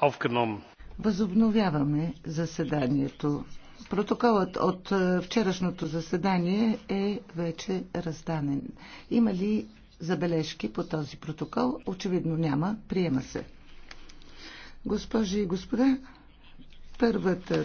aufgenommen. Възобновяваме заседанието. Протоколът от е, вчерашното заседание е вече разданен. Има ли забележки по този протокол? Очевидно няма. Приема се. Госпожи и господа, първата